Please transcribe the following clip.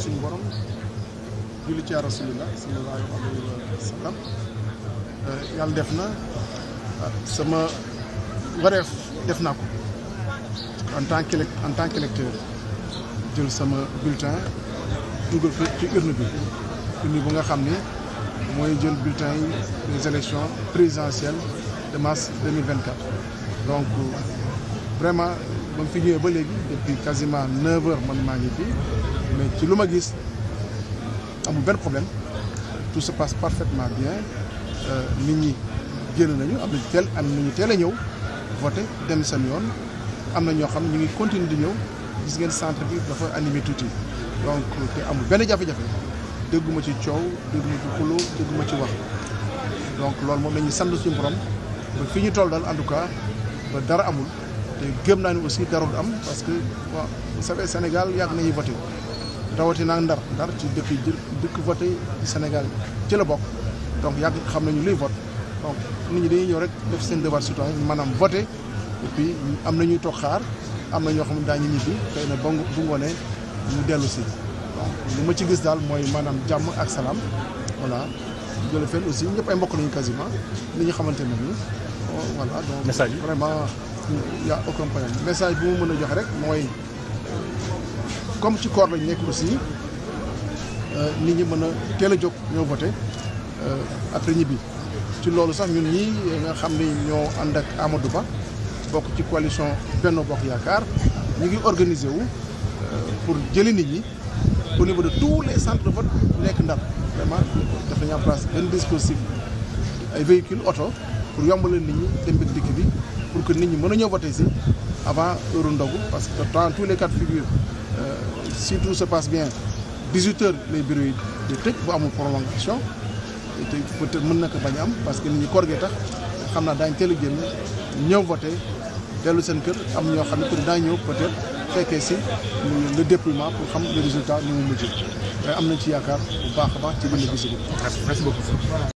suñu borom julli ci rasulillah sallallahu alayhi wa sallam yàlla def na euh, sama wareef def naa ko en tant que en tant qu'électeur jël sama bulletin dugal ko ci urne bi urne bu nga xam ni mooy jël bulletin yi des élections présidentielles de mars 2024 donc vraiment ba fi ñëwee ba léegi depuis quasiment neuf heures man maa ngi fii mais ci lu ma gis amul benn problème tout se passe parfaitement bien euh, nit ñi génn nañu am nañu teel am nañu teel a ñëw voté dem seen yoon am na ñoo xam ñu ngi continuer di ñëw gis ngeen centre bi dafa animé tuuti donc te amul benn jafe-jafe dégguma ci coow dégguma ci dégguma ci wax donc loolu moom dañuy sant suñu borom ba fi ñu toll dal en tout cas ba dara amul te gëm naa ni aussi dara du am parce que bon vous savez Sénégal yàgg nañuy voté rawatina naa ndar ndar ci dëkk yi dëkk voté ci Sénégal ci la bokk donc yàgg xam nañu luy vote donc nit ñi dañuy ñëw rek def seen devoir citoyen maanaam voté et puis am na ñuy toog xaar am na ñoo xam ne daañu ñibbi xëy na ba bu ngoonee ñu dellu si donc li ma ci gis daal mooy maanaam jàmm ak salaam voilà jële fenn aussi ñëpp ay mbokk nañu quasiment li ñu xamante ne nii voilà donc message y a aucun problème message bi mu mën a joxe rek mooy comme ci koor lañ nekk aussi euh, nit ñi mën a teel a jóg ñoo voté euh, après ñibbi ci loolu sax ñun ñii nga xam ni ñoo ànd ak Amadou Ba bokk ci coalition benn Bokk Yaakaar ñu ngi organiser wu euh, pour jëli nit ñi au niveau de tous les centre de vote nekk ndar vraiment def nañu en place benn dispositif ay véhicules oto pour yombalal nit ñi dem bi dikk bi pour que nit ñi mën a ñëw voté si avant heure ndogu parce que dans tous les cas de figure euh, si tout se passe bien 18 heures les bureaux yi di tëj bu amul prolongation te peut-être mën na ko bañ am parce que nit ñi koor tax xam naa daañ teel a génn ñëw voté dellu seen kër am ñoo xam ne daa ñëw peut-être fekkee si le déploiement pour xam le résultat ni mu mujj am nañ ci yaakaar bu baax a baax ci benn bés si merci beaucoup.